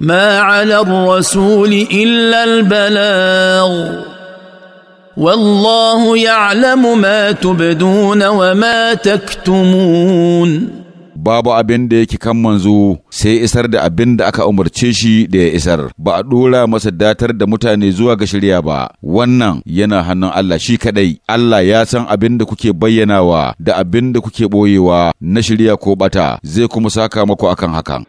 ما على الرسول الا البلاغ والله يعلم ما تبدون وما تكتمون babu abin da yake kan manzo sai isar da abin da aka umarce shi da ya isar ba a dora masa datar da mutane zuwa ga shirya ba wannan yana hannun Allah shi kadai Allah ya san abin da kuke bayyanawa da abin da kuke boyewa na shirya ko bata zai kuma saka maku akan hakan